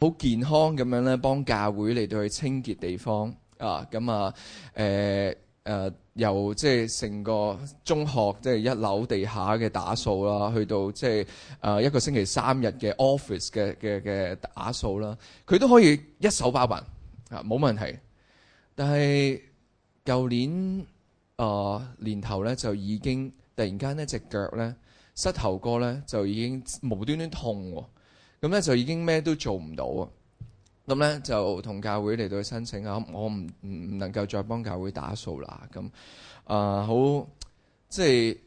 好健康咁樣咧，幫教會嚟到去清潔地方啊！咁啊，誒誒，由即係成個中學，即係一樓地下嘅打掃啦，去到即係誒一個星期三日嘅 office 嘅嘅嘅打掃啦，佢都可以一手包辦啊，冇問題。但係舊年啊年頭咧，就已經突然間呢隻腳咧，膝頭哥咧就已經無端端痛、哦。咁咧就已經咩都做唔到啊！咁咧就同教會嚟到申請啊，我唔唔能夠再幫教會打掃啦。咁啊，好即係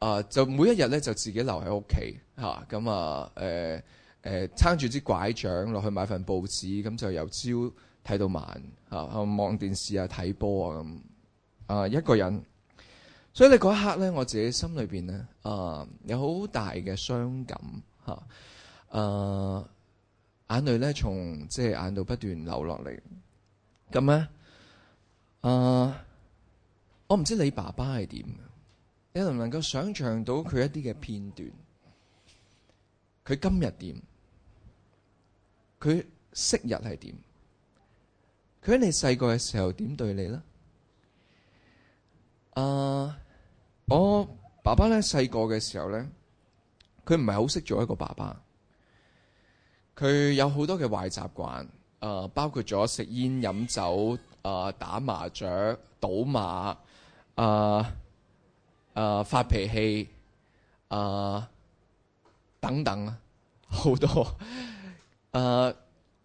啊，就每一日咧就自己留喺屋企嚇。咁啊，誒誒撐住支拐杖落去買份報紙，咁就由朝睇到晚嚇，望、啊、電視啊，睇波啊，咁啊一個人。所以你嗰一刻咧，我自己心裏邊咧啊，有好大嘅傷感嚇。啊誒，uh, 眼淚咧從即係眼度不斷流落嚟，咁咧，誒，uh，我唔知你爸爸係點，你能唔能夠想象到佢一啲嘅片段？佢今日點？佢昔日係點？佢喺你細個嘅時候點對你咧？誒，uh，我爸爸咧細個嘅時候咧，佢唔係好識做一個爸爸。佢有好多嘅壞習慣，誒、呃、包括咗食煙飲酒、誒、呃、打麻雀、賭馬、誒、呃、誒、呃、發脾氣、誒、呃、等等啊，好多、 呃。誒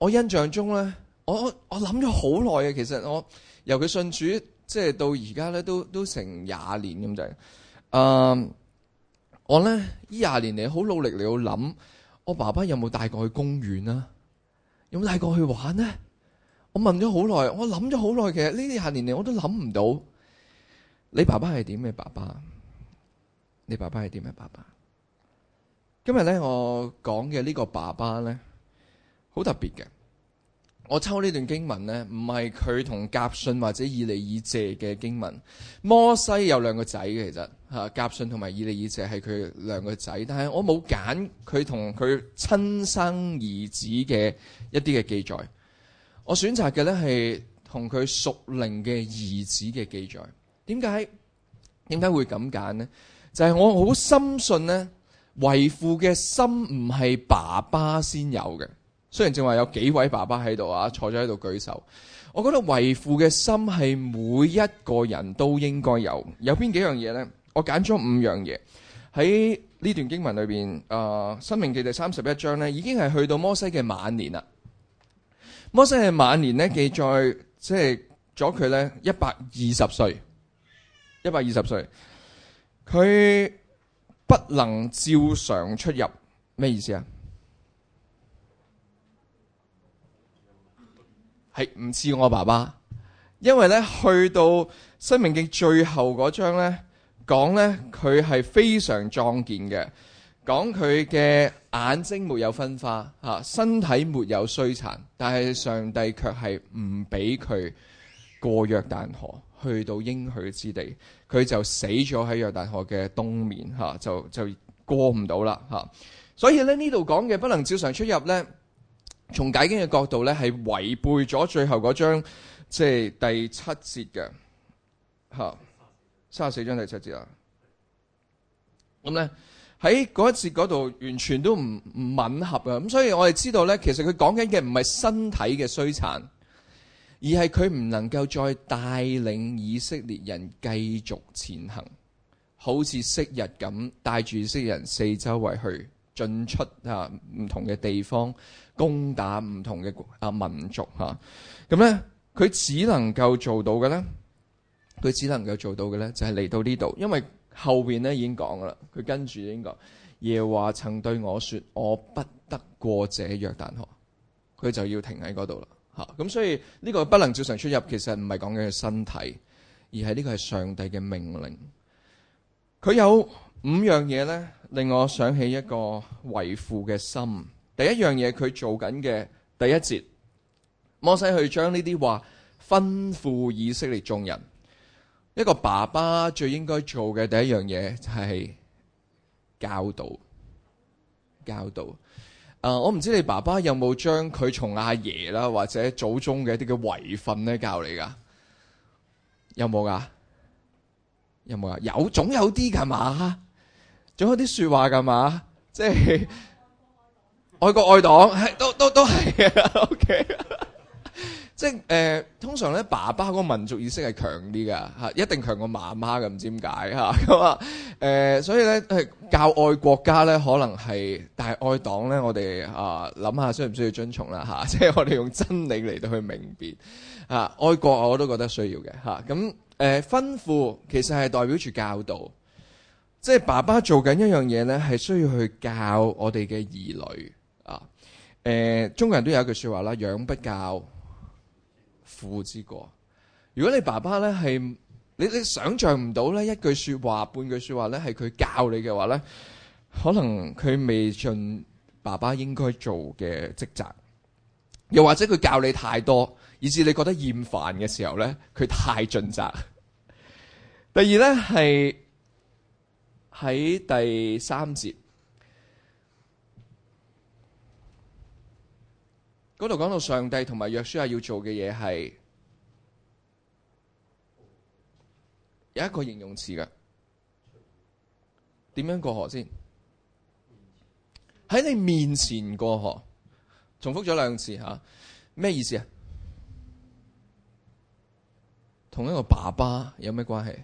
我印象中咧，我我諗咗好耐嘅，其實我由佢信主，即係到而家咧，都都成廿年咁滯。誒我咧呢廿年嚟，好努力嚟到諗。我爸爸有冇帶過去公園啊？有冇帶過去玩呢？我問咗好耐，我諗咗好耐，其實呢啲下年嚟我都諗唔到。你爸爸係點嘅爸爸？你爸爸係點嘅爸爸？今日咧，我講嘅呢個爸爸咧，好特別嘅。我抽呢段經文呢，唔係佢同甲順或者以利以謝嘅經文。摩西有兩個仔嘅其實吓，甲順同埋以利以謝係佢兩個仔。但係我冇揀佢同佢親生兒子嘅一啲嘅記載，我選擇嘅呢係同佢屬靈嘅兒子嘅記載。點解？點解會咁揀呢？就係、是、我好深信呢，為父嘅心唔係爸爸先有嘅。雖然正話有幾位爸爸喺度啊，坐咗喺度舉手，我覺得為父嘅心係每一個人都應該有。有邊幾樣嘢呢？我揀咗五樣嘢喺呢段經文裏邊。啊、呃，申命記第三十一章呢已經係去到摩西嘅晚年啦。摩西嘅晚年呢，記載，即係咗佢呢一百二十歲，一百二十歲，佢不能照常出入，咩意思啊？係唔似我爸爸，因為咧去到申命記最後嗰章咧，講咧佢係非常壯健嘅，講佢嘅眼睛沒有昏花，吓身體沒有衰殘，但係上帝卻係唔俾佢過約旦河，去到應許之地，佢就死咗喺約旦河嘅東面，吓就就過唔到啦，吓，所以咧呢度講嘅不能照常出入咧。從解經嘅角度咧，係違背咗最後嗰章，即係第七節嘅嚇，嗯、三十四章第七節啊。咁咧喺嗰一節嗰度完全都唔唔吻合嘅。咁所以我哋知道咧，其實佢講緊嘅唔係身體嘅衰殘，而係佢唔能夠再帶領以色列人繼續前行，好似昔日咁帶住以色列人四周圍去。進出啊唔同嘅地方，攻打唔同嘅啊民族吓，咁咧佢只能夠做到嘅咧，佢只能夠做到嘅咧就係、是、嚟到呢度，因為後邊咧已經講噶啦，佢跟住已經講耶華曾對我說：我不得過者約旦河，佢就要停喺嗰度啦吓。咁、啊、所以呢個不能照常出入，其實唔係講緊佢身體，而係呢個係上帝嘅命令。佢有五樣嘢咧。令我想起一個為父嘅心，第一樣嘢，佢做緊嘅第一節，摩西去將呢啲話吩咐以色列眾人。一個爸爸最應該做嘅第一樣嘢就係教導，教導。誒、啊，我唔知你爸爸有冇將佢從阿爺啦或者祖宗嘅一啲嘅遺訓咧教你噶？有冇噶？有冇啊？有，總有啲噶嘛。仲有啲説話噶嘛？即、就、係、是、愛國愛黨，係 都都都係啊 ！OK，即係誒，通常咧爸爸嗰個民族意識係強啲噶嚇，一定強過媽媽嘅，唔知點解嚇咁啊誒、啊，所以咧教愛國家咧可能係，但係愛黨咧我哋啊諗下需唔需要遵從啦嚇？即、啊、係、就是、我哋用真理嚟到去明辨啊愛國我都覺得需要嘅嚇，咁、啊、誒、啊、吩咐其實係代表住教導。即係爸爸做緊一樣嘢，咧係需要去教我哋嘅兒女啊。誒、呃,中國人都有一句說話啦，養不教，父之過。如果你爸爸咧係你，你想象唔到咧一句說話、半句說話咧係佢教你嘅話咧，可能佢未盡爸爸應該做嘅職責，又或者佢教你太多，以至你覺得厭煩嘅時候咧，佢太盡責。第二咧係。喺第三節嗰度講到上帝同埋約書亞要做嘅嘢，係有一個形容詞嘅，點樣過河先？喺你面前過河，重複咗兩次吓，咩、啊、意思啊？同一個爸爸有咩關係？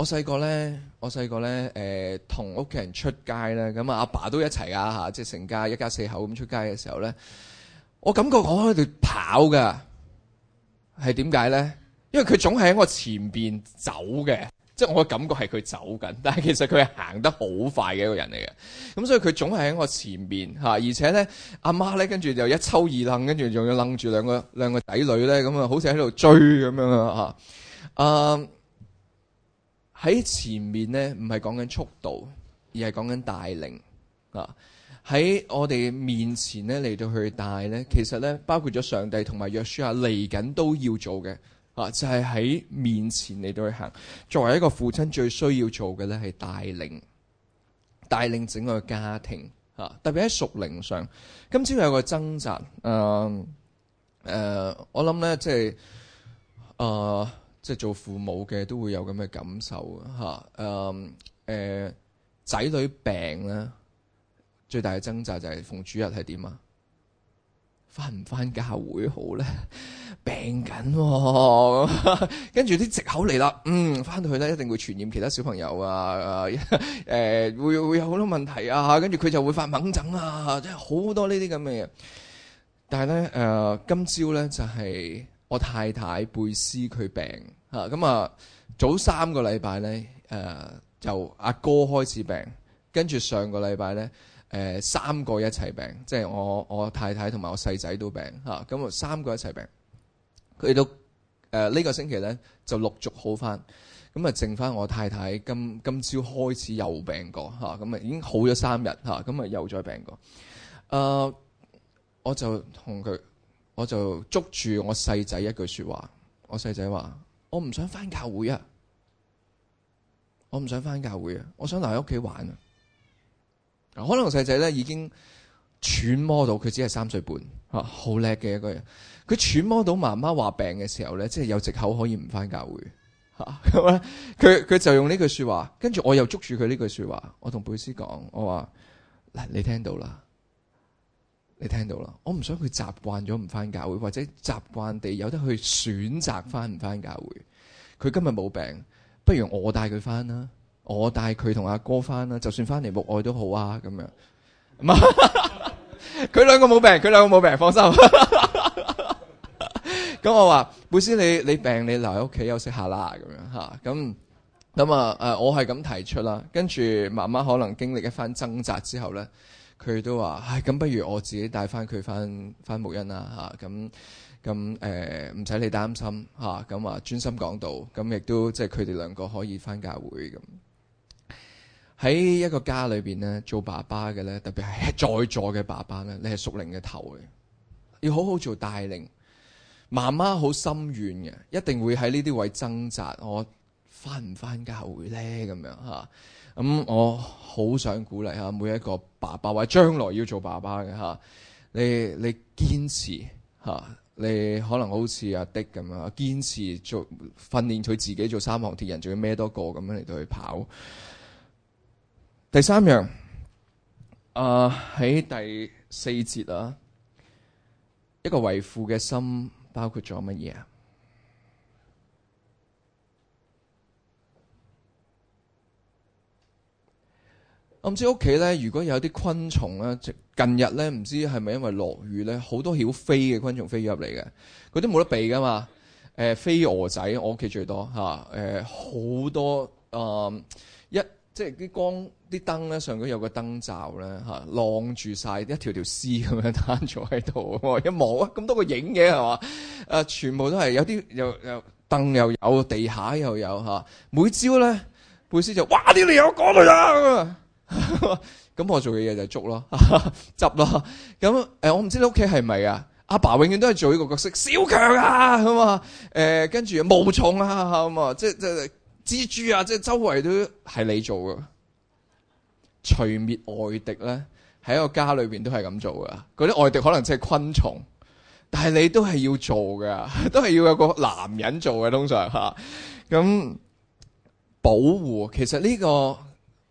我細個咧，我細個咧，誒、呃，同屋企人出街咧，咁阿爸都一齊噶吓，即係成家一家四口咁出街嘅時候咧，我感覺我喺度跑噶，係點解咧？因為佢總係喺我前邊走嘅，即係我感覺係佢走緊，但係其實佢係行得好快嘅一個人嚟嘅，咁所以佢總係喺我前邊吓、啊，而且咧阿媽咧跟住又一抽二掕，跟住仲要掕住兩個兩個仔女咧，咁啊好似喺度追咁樣啊吓，嗯。喺前面呢，唔係講緊速度，而係講緊帶領啊！喺我哋面前咧，嚟到去帶呢，其實咧包括咗上帝同埋約書亞嚟緊都要做嘅啊！就係、是、喺面前嚟到去行。作為一個父親最需要做嘅呢，係帶領，帶領整個家庭啊！特別喺屬靈上，今朝有個掙扎。誒、呃、誒、呃，我諗呢，即係啊。呃即係做父母嘅都會有咁嘅感受吓，誒、啊，誒、嗯，仔、呃、女病咧，最大嘅掙扎就係逢主日係點啊？翻唔翻教會好咧？ 病緊著、啊，跟住啲藉口嚟啦。嗯，翻到去咧一定會傳染其他小朋友啊，誒、 呃，會會有好多問題啊。跟住佢就會發猛疹啊，即係好多呢啲咁嘅嘢。但係咧，誒、呃，今朝咧就係、是、我太太貝斯佢病。啊！咁啊，早三個禮拜咧，誒由阿哥開始病，跟住上個禮拜咧，誒、呃、三個一齊病，即係我我太太同埋我細仔都病嚇。咁啊，三個一齊病，佢都誒呢個星期咧就陸續好翻。咁啊，剩翻我太太今今朝開始又病過嚇，咁啊、嗯、已經好咗三日嚇，咁啊、嗯、又再病過。誒、啊，我就同佢，我就捉住我細仔一句說話，我細仔話。我唔想翻教會啊！我唔想翻教會啊！我想留喺屋企玩啊！可能細仔咧已經揣摩到佢只係三歲半啊，好叻嘅一個人。佢揣摩到媽媽話病嘅時候咧，即係有藉口可以唔翻教會啊！咁咧，佢佢就用呢句說話，跟住我又捉住佢呢句說話，我同貝斯講，我話嗱，你聽到啦。你聽到啦，我唔想佢習慣咗唔翻教會，或者習慣地有得去選擇翻唔翻教會。佢今日冇病，不如我帶佢翻啦，我帶佢同阿哥翻啦，就算翻嚟牧愛都好啊，咁樣。唔啊，佢兩個冇病，佢兩個冇病，放心。咁 我話：貝斯，你你病，你留喺屋企休息下啦，咁樣嚇。咁咁啊，誒，我係咁提出啦。跟住慢慢可能經歷一番掙扎之後咧。佢都話，唉，咁不如我自己帶翻佢翻翻木恩啦，嚇，咁咁誒，唔、啊、使、啊、你擔心，嚇、啊，咁、啊、話、啊、專心講道，咁、啊、亦都即係佢哋兩個可以翻教會咁。喺、啊、一個家裏邊咧，做爸爸嘅咧，特別係在座嘅爸爸咧，你係屬靈嘅頭嘅，要好好做帶領。媽媽好心軟嘅，一定會喺呢啲位掙扎我。翻唔翻教會咧？咁樣吓，咁、嗯、我好想鼓勵下每一個爸爸，話將來要做爸爸嘅，吓，你你堅持吓，你可能好似阿迪 i c k 咁樣，堅持做訓練佢自己做三項鐵人，仲要孭多個咁樣嚟到去跑。第三樣，啊、呃、喺第四節啊，一個為父嘅心包括咗乜嘢啊？唔知屋企咧，如果有啲昆蟲咧，近日咧，唔知係咪因為落雨咧，好多曉飛嘅昆蟲飛入嚟嘅，嗰啲冇得避噶嘛。誒、呃，飛蛾仔我屋企最多嚇，誒、啊、好多誒、啊、一，即係啲光啲燈咧，上邊有個燈罩咧嚇，晾、啊、住晒一條條絲咁樣攤咗喺度，一望啊，咁多個影嘅係嘛？誒、啊，全部都係有啲又又燈又有，地下又有嚇、啊。每朝咧，貝斯就哇啲你有講㗎啦。咁 我做嘅嘢就捉咯， 執撿咯。咁誒，我唔知你屋企係咪啊？阿爸，爸永遠都係做呢個角色，小強啊咁啊，誒、嗯，跟住毛蟲啊咁、嗯、啊，即係即係蜘蛛啊，即係周圍都係你做噶。除滅外敵咧，喺一個家裏邊都係咁做噶。嗰啲外敵可能即係昆蟲，但係你都係要做噶，都係要有個男人做嘅，通常吓咁、嗯、保護。其實呢、這個。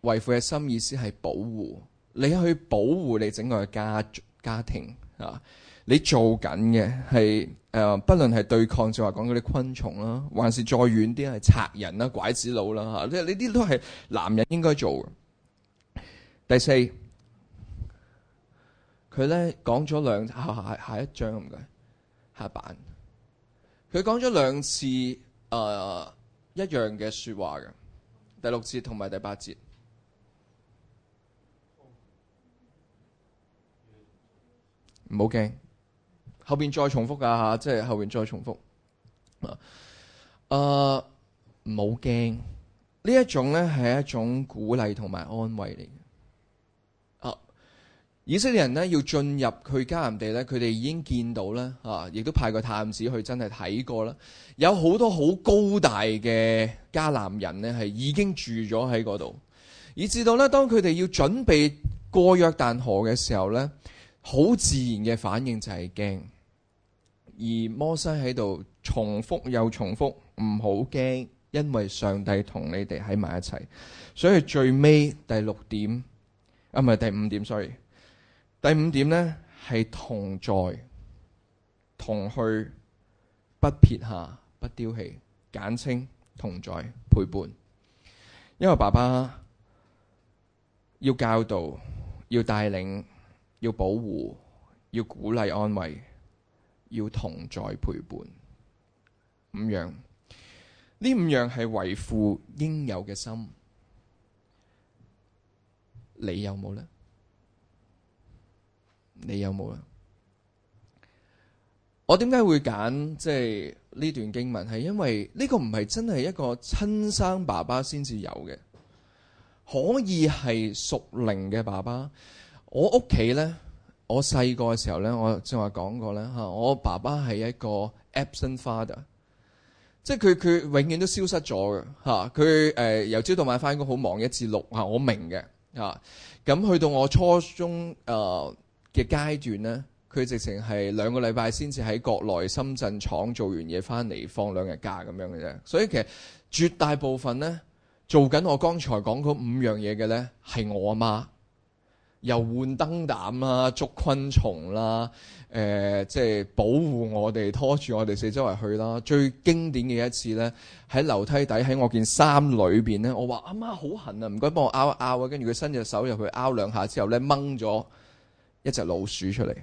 為父嘅心，意思係保護，你去保護你整個嘅家家庭啊！你做緊嘅係誒，不論係對抗，就話講嗰啲昆蟲啦、啊，還是再遠啲係賊人啦、拐子佬啦吓，即係呢啲都係男人應該做嘅。第四，佢咧講咗兩下，下一章唔該下版，佢講咗兩次誒、呃、一樣嘅說話嘅第六節同埋第八節。唔好驚，後邊再重複啊！即係後邊再重複啊！唔好驚，呢一種呢係一種鼓勵同埋安慰嚟嘅。啊，以色列人呢要進入佢迦南地呢，佢哋已經見到啦，啊，亦都派個探子去真係睇過啦。有好多好高大嘅迦南人呢，係已經住咗喺嗰度，以至到呢，當佢哋要準備過約旦河嘅時候呢。好自然嘅反應就係驚，而摩西喺度重複又重複，唔好驚，因為上帝同你哋喺埋一齊。所以最尾第六點，啊，唔係第五點，sorry，第五點呢係同在，同去，不撇下，不丟棄，簡稱同在，陪伴。因為爸爸要教導，要帶領。要保護，要鼓勵安慰，要同在陪伴，五樣。呢五樣係為父應有嘅心。你有冇呢？你有冇呢？我點解會揀即係呢段經文？係因為呢個唔係真係一個親生爸爸先至有嘅，可以係屬靈嘅爸爸。我屋企呢，我細個嘅時候呢，我正話講過呢。嚇，我爸爸係一個 absent father，即係佢佢永遠都消失咗嘅嚇，佢誒由朝到晚翻工好忙，一至六啊，6，我明嘅嚇。咁去到我初中誒嘅階段呢，佢直情係兩個禮拜先至喺國內深圳廠做完嘢翻嚟放兩日假咁樣嘅啫。所以其實絕大部分呢，做緊我剛才講嗰五樣嘢嘅呢，係我阿媽。又換燈膽啦，捉昆蟲啦，誒、呃，即係保護我哋，拖住我哋四周圍去啦。最經典嘅一次咧，喺樓梯底，喺我件衫裏邊咧，我話阿媽好痕啊，唔該幫我拗一拗啊。跟住佢伸隻手入去拗兩下之後咧，掹咗一隻老鼠出嚟，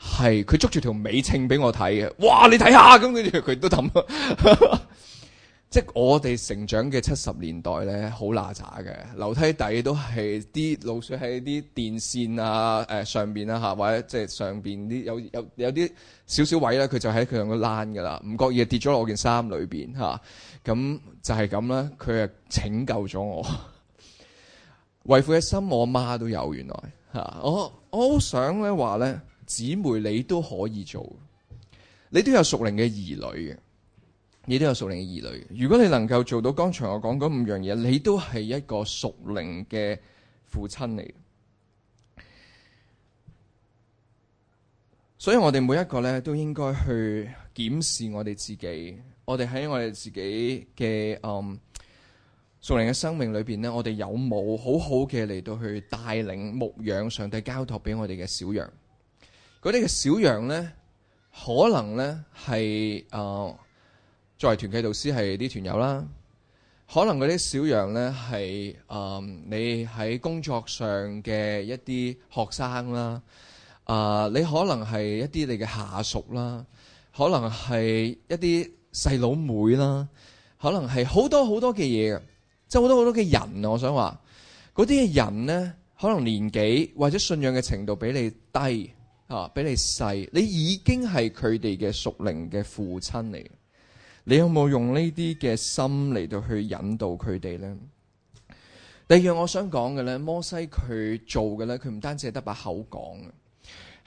係佢捉住條尾稱俾我睇嘅。哇，你睇下咁，跟住佢都抌。 即係我哋成長嘅七十年代咧，好嗱喳嘅樓梯底都係啲老鼠喺啲電線啊誒、呃、上邊啊，嚇，或者即係上邊啲有有有啲少少位咧，佢就喺佢用個躝㗎啦，唔覺意跌咗落我件衫裏邊嚇，咁、啊嗯、就係咁啦，佢啊拯救咗我， 為父嘅心我阿媽都有原來嚇、啊，我我好想咧話咧，姊妹你都可以做，你都有屬靈嘅兒女嘅。你都有屬靈嘅兒女。如果你能夠做到剛才我講嗰五樣嘢，你都係一個屬靈嘅父親嚟。所以我哋每一個咧都應該去檢視我哋自己。我哋喺我哋自己嘅嗯屬靈嘅生命裏邊呢，我哋有冇好好嘅嚟到去帶領牧養上帝交託俾我哋嘅小羊？嗰啲嘅小羊呢，可能呢係啊。作為團契導師係啲團友啦，可能嗰啲小羊呢，係、呃、誒你喺工作上嘅一啲學生啦，啊、呃，你可能係一啲你嘅下屬啦，可能係一啲細佬妹啦，可能係好多好多嘅嘢，即係好多好多嘅人。我想話嗰啲人呢，可能年紀或者信仰嘅程度比你低嚇、啊，比你細，你已經係佢哋嘅屬靈嘅父親嚟。你有冇用呢啲嘅心嚟到去引導佢哋呢？第二樣，我想講嘅咧，摩西佢做嘅咧，佢唔單止係得把口講。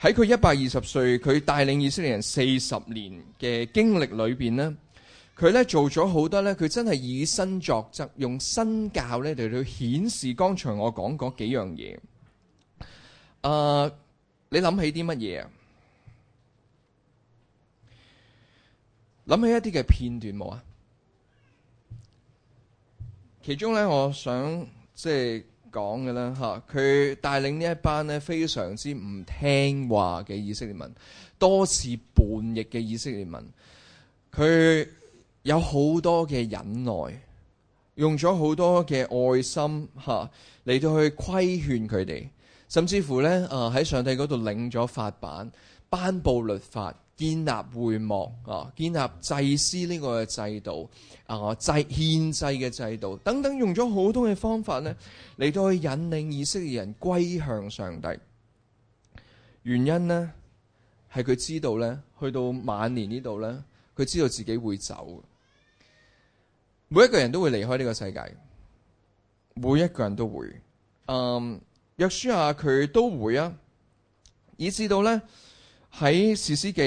喺佢一百二十歲，佢帶領以色列人四十年嘅經歷裏邊呢，佢咧做咗好多咧，佢真係以身作則，用身教咧嚟到顯示剛才我講嗰幾樣嘢。誒、呃，你諗起啲乜嘢？諗起一啲嘅片段冇啊？其中咧，我想即係講嘅啦。吓佢帶領呢一班咧，非常之唔聽話嘅以色列民，多次叛逆嘅以色列民，佢有好多嘅忍耐，用咗好多嘅愛心吓嚟，啊到去規勸佢哋，甚至乎咧啊喺上帝嗰度領咗法版，頒布律法。建立會幕啊，建立祭司呢個制度啊，祭獻制嘅制度等等，用咗好多嘅方法咧，嚟到去引領以色列嘅人歸向上帝。原因呢係佢知道呢，去到晚年呢度呢，佢知道自己會走。每一個人都會離開呢個世界，每一個人都會。嗯，約書亞佢都會啊，以至到呢。喺《士師記》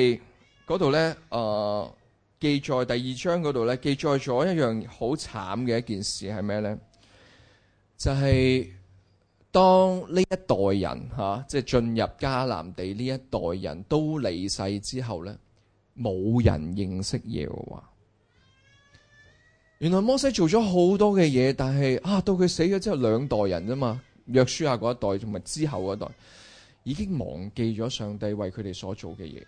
嗰度咧，誒、呃、記載第二章嗰度咧，記載咗一樣好慘嘅一件事係咩咧？就係、是、當呢一代人嚇、啊，即係進入迦南地呢一代人都離世之後咧，冇人認識耶和華，原來摩西做咗好多嘅嘢，但係啊，到佢死咗之後，兩代人啫嘛，約書亞嗰一代同埋之後嗰一代。已經忘記咗上帝為佢哋所做嘅嘢，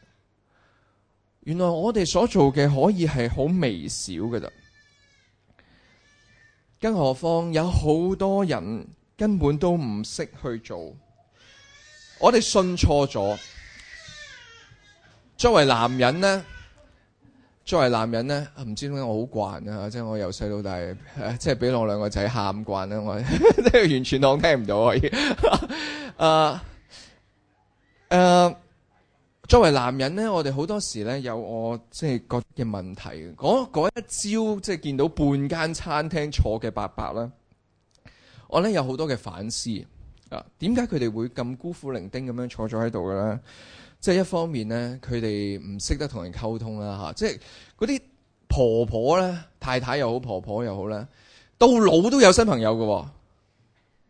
原來我哋所做嘅可以係好微小嘅。咋，更何況有好多人根本都唔識去做，我哋信錯咗。作為男人呢，作為男人呢，唔知點解我好慣啊，即係我由細到大，即係俾我兩個仔喊慣啦，我 完全當聽唔到可以啊。 uh, 誒，uh, 作為男人呢，我哋好多時呢，有我即係覺得嘅問題。嗰一朝即係見到半間餐廳坐嘅伯伯呢，我呢有好多嘅反思啊！點解佢哋會咁孤苦伶仃咁樣坐咗喺度嘅呢？即係一方面呢，佢哋唔識得同人溝通啦吓、啊。即係嗰啲婆婆呢，太太又好、婆婆又好呢，到老都有新朋友嘅、哦。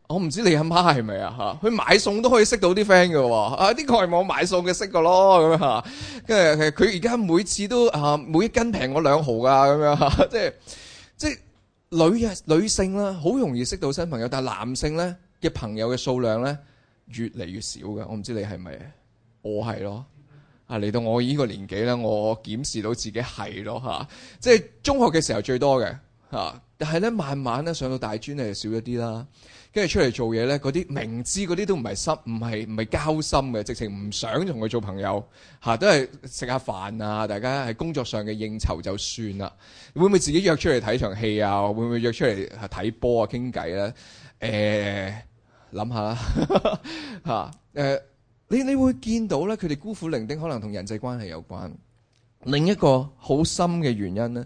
我唔知你阿媽係咪啊？吓，佢買餸都可以識到啲 friend 嘅，啊啲外網買餸嘅識噶咯咁樣吓。跟住佢而家每次都啊，每一斤平我兩毫噶咁樣吓，即係即係女啊女性啦，好容易識到新朋友，但係男性咧嘅朋友嘅數量咧越嚟越少嘅。我唔知你係咪，我係咯啊嚟到我呢個年紀咧，我檢視到自己係咯吓，即係中學嘅時候最多嘅吓、啊，但係咧慢慢咧上到大專咧就少一啲啦。跟住出嚟做嘢咧，嗰啲明知嗰啲都唔係深，唔係唔係交心嘅，直情唔想同佢做朋友吓、啊，都係食下飯啊，大家喺工作上嘅應酬就算啦。會唔會自己約出嚟睇場戲啊？會唔會約出嚟睇波啊、傾偈咧？誒、呃，諗下啦嚇。誒、 啊，你你會見到咧，佢哋孤苦伶仃，可能同人際關係有關。另一個好深嘅原因咧，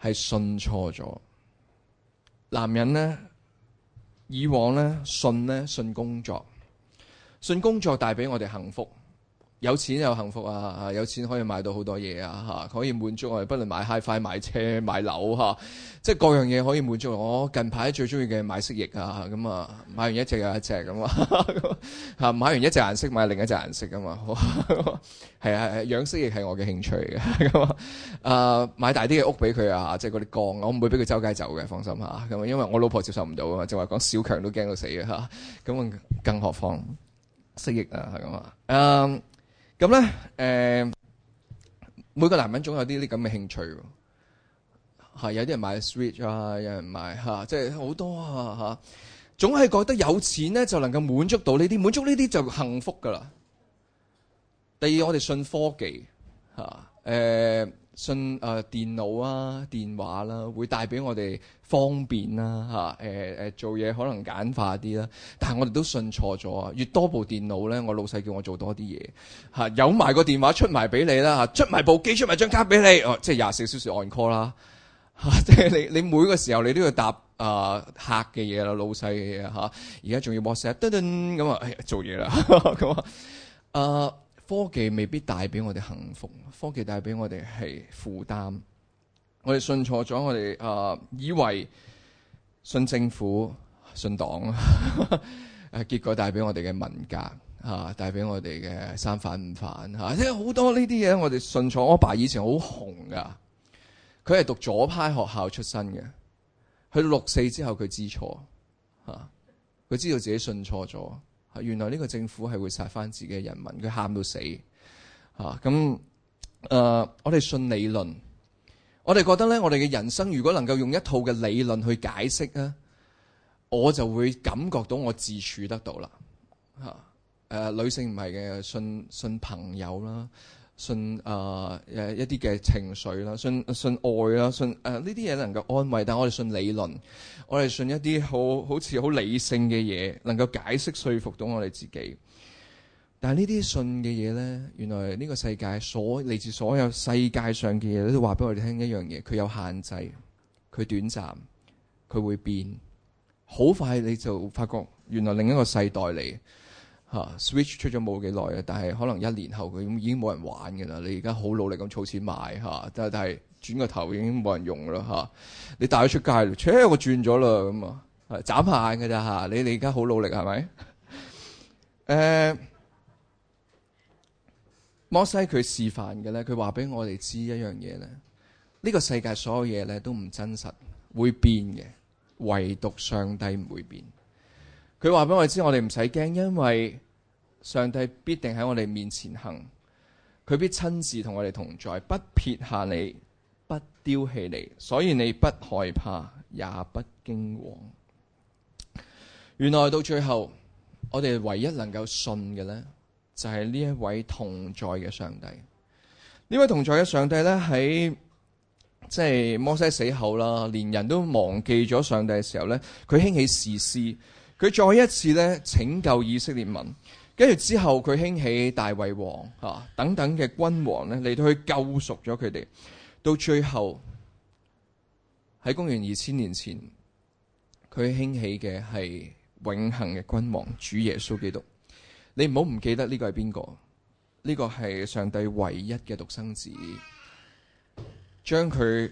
係信錯咗男人咧。以往呢，信呢，信工作，信工作帶俾我哋幸福。有錢又幸福啊！有錢可以買到好多嘢啊！嚇可以滿足我哋，不能買 hi-fi、買車、買樓、啊、即係各樣嘢可以滿足我。我近排最中意嘅買蜥蜴啊！咁啊，買完一隻又一隻咁啊嚇，買完一隻顏色買另一隻顏色噶嘛，係啊係啊，養蜥蜴係我嘅興趣嘅咁啊。誒，買大啲嘅屋俾佢啊！即係嗰啲缸，我唔會俾佢周街走嘅，放心嚇咁啊。因為我老婆接受唔到啊，嘛，就話、是、講小強都驚到死嘅嚇，咁啊更何況蜥蜴啊，係咁啊。嗯、uh,。咁咧，誒、嗯、每個男人總有啲啲咁嘅興趣，嚇，有啲人買 switch 啊，有人買嚇，即係好多啊嚇，總係覺得有錢咧就能夠滿足到呢啲，滿足呢啲就幸福噶啦。第二，我哋信科技嚇，誒、嗯。嗯信誒、呃、電腦啊、電話啦、啊，會帶俾我哋方便啦嚇，誒誒，做嘢可能簡化啲啦，但係我哋都信錯咗啊！越多部電腦咧，我老細叫我做多啲嘢嚇，有埋個電話出埋俾你啦嚇、啊，出埋部機、出埋張卡俾你哦、啊，即係廿四小時 on call 啦嚇、啊，即係你你每個時候你都要答誒、呃、客嘅嘢啦、老細嘅嘢嚇，而家仲要 WhatsApp 噔噔咁、哎、啊做嘢啦咁啊誒。科技未必帶俾我哋幸福，科技帶俾我哋係負擔。我哋信錯咗，我哋啊、呃、以為信政府、信黨，誒 結果帶俾我哋嘅文革吓，帶、啊、俾我哋嘅三反五反吓，即係好多呢啲嘢。我哋信錯。我阿爸，爸以前好紅噶，佢係讀左派學校出身嘅，去六四之後佢知錯吓，佢、啊、知道自己信錯咗。原來呢個政府係會殺返自己嘅人民，佢喊到死嚇咁誒！我哋信理論，我哋覺得咧，我哋嘅人生如果能夠用一套嘅理論去解釋啊，我就會感覺到我自處得到啦嚇誒！女性唔係嘅信信朋友啦。信啊，誒、呃，一啲嘅情緒啦，信信愛啦，信誒呢啲嘢能夠安慰，但係我哋信理論，我哋信一啲好好似好理性嘅嘢，能夠解釋說服到我哋自己。但係呢啲信嘅嘢呢，原來呢個世界所嚟自所有世界上嘅嘢，都話俾我哋聽一樣嘢，佢有限制，佢短暫，佢會變，好快你就發覺原來另一個世代嚟。吓，Switch 出咗冇幾耐啊，但係可能一年後佢已經冇人玩嘅啦。你而家好努力咁儲錢買吓，但係轉個頭已經冇人用啦吓。你帶佢出街，車、哎、我轉咗啦咁啊，眨下眼嘅咋吓？你你而家好努力係咪？誒，uh, 摩西佢示範嘅咧，佢話俾我哋知一樣嘢咧，呢個世界所有嘢咧都唔真實，會變嘅，唯獨上帝唔會變。佢話俾我哋知，我哋唔使驚，因為上帝必定喺我哋面前行，佢必親自同我哋同在，不撇下你，不丟棄你，所以你不害怕，也不驚惶。原來到最後，我哋唯一能夠信嘅呢，就係呢一位同在嘅上帝。呢位同在嘅上帝呢，喺即係摩西死後啦，連人都忘記咗上帝嘅時候呢，佢興起士師。佢再一次咧拯救以色列民，跟住之後佢興起大衛王啊等等嘅君王咧嚟到去救贖咗佢哋，到最後喺公元二千年前，佢興起嘅係永恆嘅君王主耶穌基督。你唔好唔記得呢個係邊個？呢個係上帝唯一嘅獨生子，將佢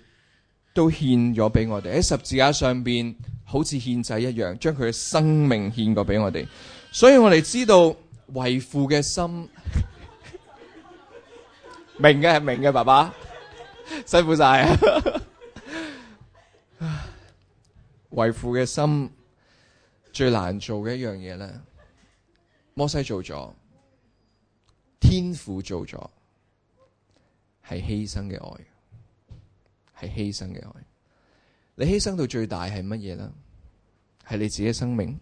都獻咗俾我哋喺十字架上邊。好似獻祭一樣，將佢嘅生命獻過俾我哋，所以我哋知道為父嘅心 明嘅係明嘅，爸爸辛苦晒啊。 為父嘅心最難做嘅一樣嘢，咧，摩西做咗，天父做咗，係犧牲嘅愛，係犧牲嘅愛。你犧牲到最大係乜嘢呢？係你自己嘅生命，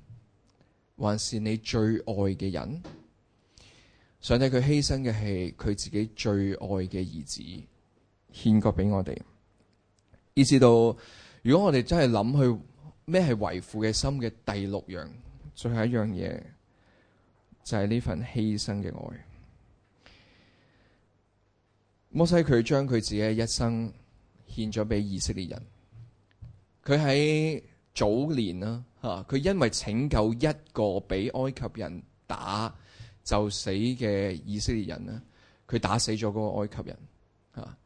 還是你最愛嘅人？上帝佢犧牲嘅係佢自己最愛嘅兒子，獻過畀我哋。以至到，如果我哋真係諗去咩係為父嘅心嘅第六樣，最後一樣嘢就係呢份犧牲嘅愛。摩西佢將佢自己嘅一生獻咗俾以色列人。佢喺早年啦，吓，佢因為拯救一個俾埃及人打就死嘅以色列人咧，佢打死咗嗰個埃及人啊，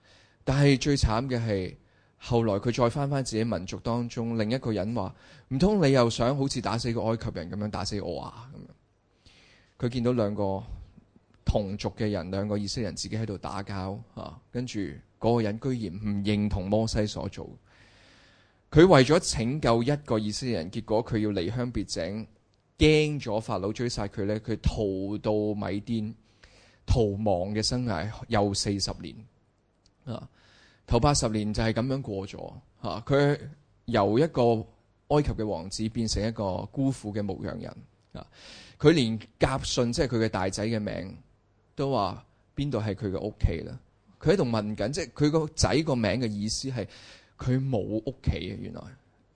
但係最慘嘅係後來佢再翻翻自己民族當中另一個人話，唔通你又想好似打死個埃及人咁樣打死我啊？咁樣，佢見到兩個同族嘅人，兩個以色列人自己喺度打交嚇，跟住嗰個人居然唔認同摩西所做。佢為咗拯救一個以色列人，結果佢要離鄉別井，驚咗法老追殺佢咧，佢逃到米甸，逃亡嘅生涯又四十年啊，頭八十年就係咁樣過咗吓，佢、啊、由一個埃及嘅王子變成一個孤苦嘅牧羊人啊，佢連甲信即係佢嘅大仔嘅名都話邊度係佢嘅屋企啦，佢喺度問緊，即係佢個仔個名嘅意思係。佢冇屋企啊，原來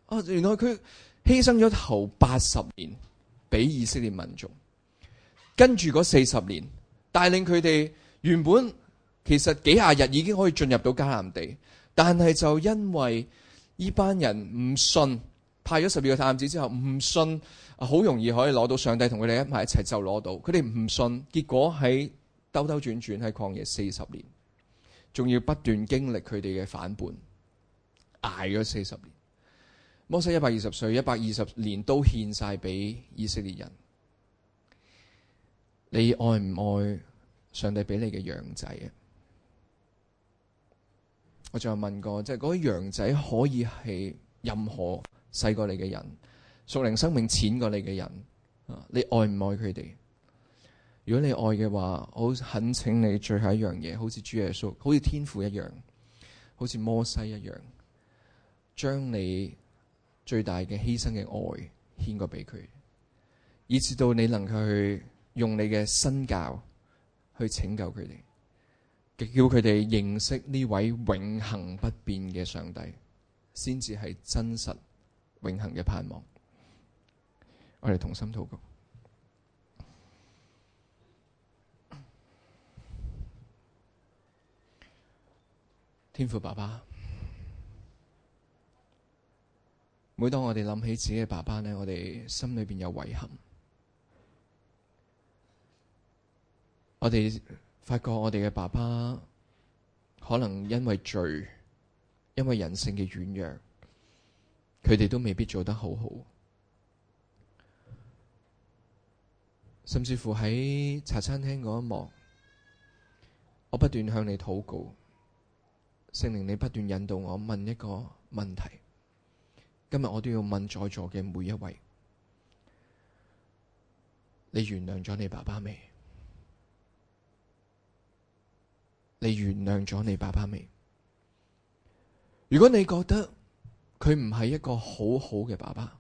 啊，原來佢犧牲咗頭八十年俾以色列民眾，跟住嗰四十年帶領佢哋。原本其實幾廿日已經可以進入到迦南地，但係就因為呢班人唔信，派咗十二個探子之後唔信，好容易可以攞到上帝同佢哋一埋一齊就攞到。佢哋唔信，結果喺兜兜轉轉喺曠野四十年，仲要不斷經歷佢哋嘅反叛。挨咗四十年，摩西一百二十歲，一百二十年都獻晒俾以色列人。你愛唔愛上帝俾你嘅羊仔啊？我仲有問過，即係嗰啲羊仔可以係任何細過你嘅人，屬靈生命淺過你嘅人。你愛唔愛佢哋？如果你愛嘅話，我懇請你最後一樣嘢，好似主耶穌，好似天父一樣，好似摩西一樣。將你最大嘅犧牲嘅愛獻過畀佢，以至到你能夠去用你嘅身教去拯救佢哋，叫佢哋認識呢位永恆不變嘅上帝，先至係真實永恆嘅盼望。我哋同心禱告，天父爸爸。每當我哋諗起自己嘅爸爸呢，我哋心裏邊有遺憾。我哋發覺我哋嘅爸爸可能因為罪，因為人性嘅軟弱，佢哋都未必做得好好。甚至乎喺茶餐廳嗰一幕，我不斷向你禱告，聖靈你不斷引導我，問一個問題。今日我都要問在座嘅每一位：你原諒咗你爸爸未？你原諒咗你爸爸未？如果你覺得佢唔係一個好好嘅爸爸，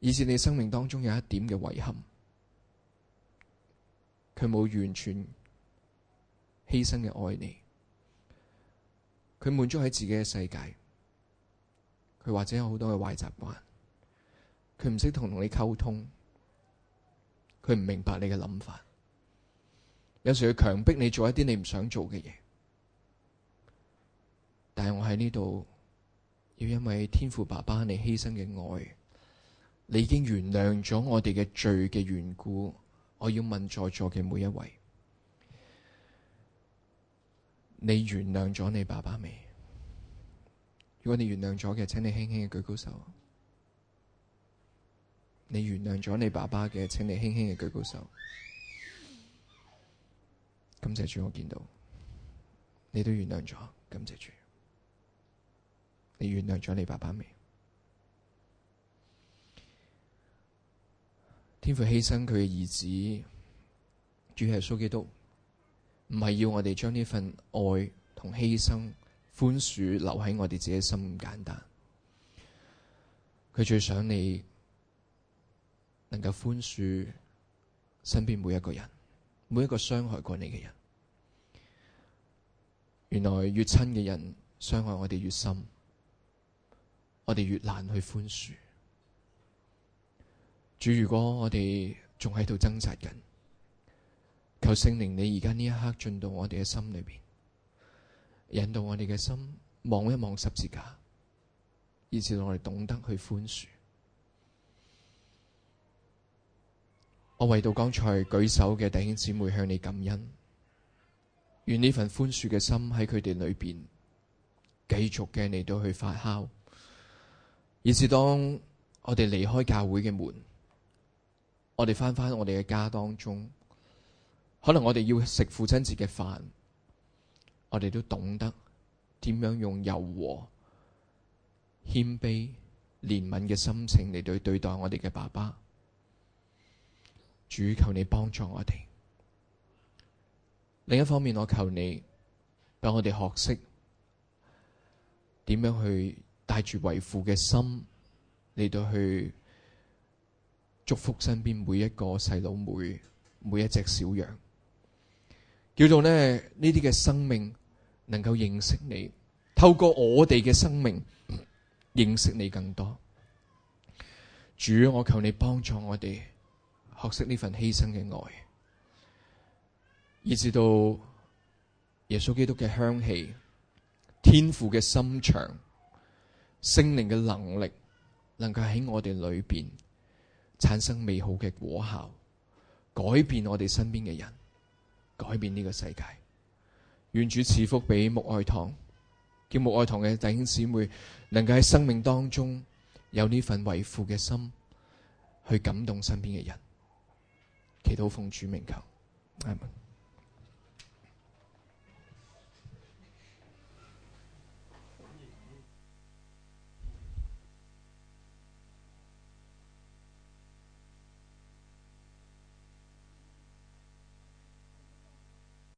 以致你生命當中有一點嘅遺憾，佢冇完全犧牲嘅愛你，佢滿足喺自己嘅世界。佢或者有好多嘅壞習慣，佢唔識同同你溝通，佢唔明白你嘅諗法，有時佢強迫你做一啲你唔想做嘅嘢。但係我喺呢度，要因為天父爸爸你犧牲嘅愛，你已經原諒咗我哋嘅罪嘅緣故，我要問在座嘅每一位，你原諒咗你爸爸未？如果你原諒咗嘅，請你輕輕嘅舉高手；你原諒咗你爸爸嘅，請你輕輕嘅舉高手。感謝主，我見到你都原諒咗，感謝主，你原諒咗你爸爸未？天父犧牲佢嘅兒子，主係耶穌基督，唔係要我哋將呢份愛同犧牲。寬恕留喺我哋自己心唔簡單，佢最想你能夠寬恕身邊每一個人，每一個傷害過你嘅人。原來越親嘅人傷害我哋越深，我哋越難去寬恕。主，如果我哋仲喺度掙扎緊，求聖靈，你而家呢一刻進到我哋嘅心裏邊。引導我哋嘅心望一望十字架，以至我哋懂得去寬恕。我為到剛才舉手嘅弟兄姊妹向你感恩，願呢份寬恕嘅心喺佢哋裏邊繼續嘅嚟到去發酵，以至當我哋離開教會嘅門，我哋翻返我哋嘅家當中，可能我哋要食父親節嘅飯。我哋都懂得點樣用柔和、謙卑、憐憫嘅心情嚟到對待我哋嘅爸爸。主求你幫助我哋。另一方面，我求你，幫我哋學識點樣去帶住為父嘅心嚟到去祝福身邊每一個細佬妹、每一隻小羊。叫做咧呢啲嘅生命能夠認識你，透過我哋嘅生命認識你更多。主，我求你幫助我哋學識呢份犧牲嘅愛，以至到耶穌基督嘅香氣、天父嘅心腸、聖靈嘅能力，能夠喺我哋裏邊產生美好嘅果效，改變我哋身邊嘅人。改變呢個世界，願主賜福俾木愛堂，叫木愛堂嘅弟兄姊妹能夠喺生命當中有呢份為父嘅心，去感動身邊嘅人，祈禱奉主名求，Amen。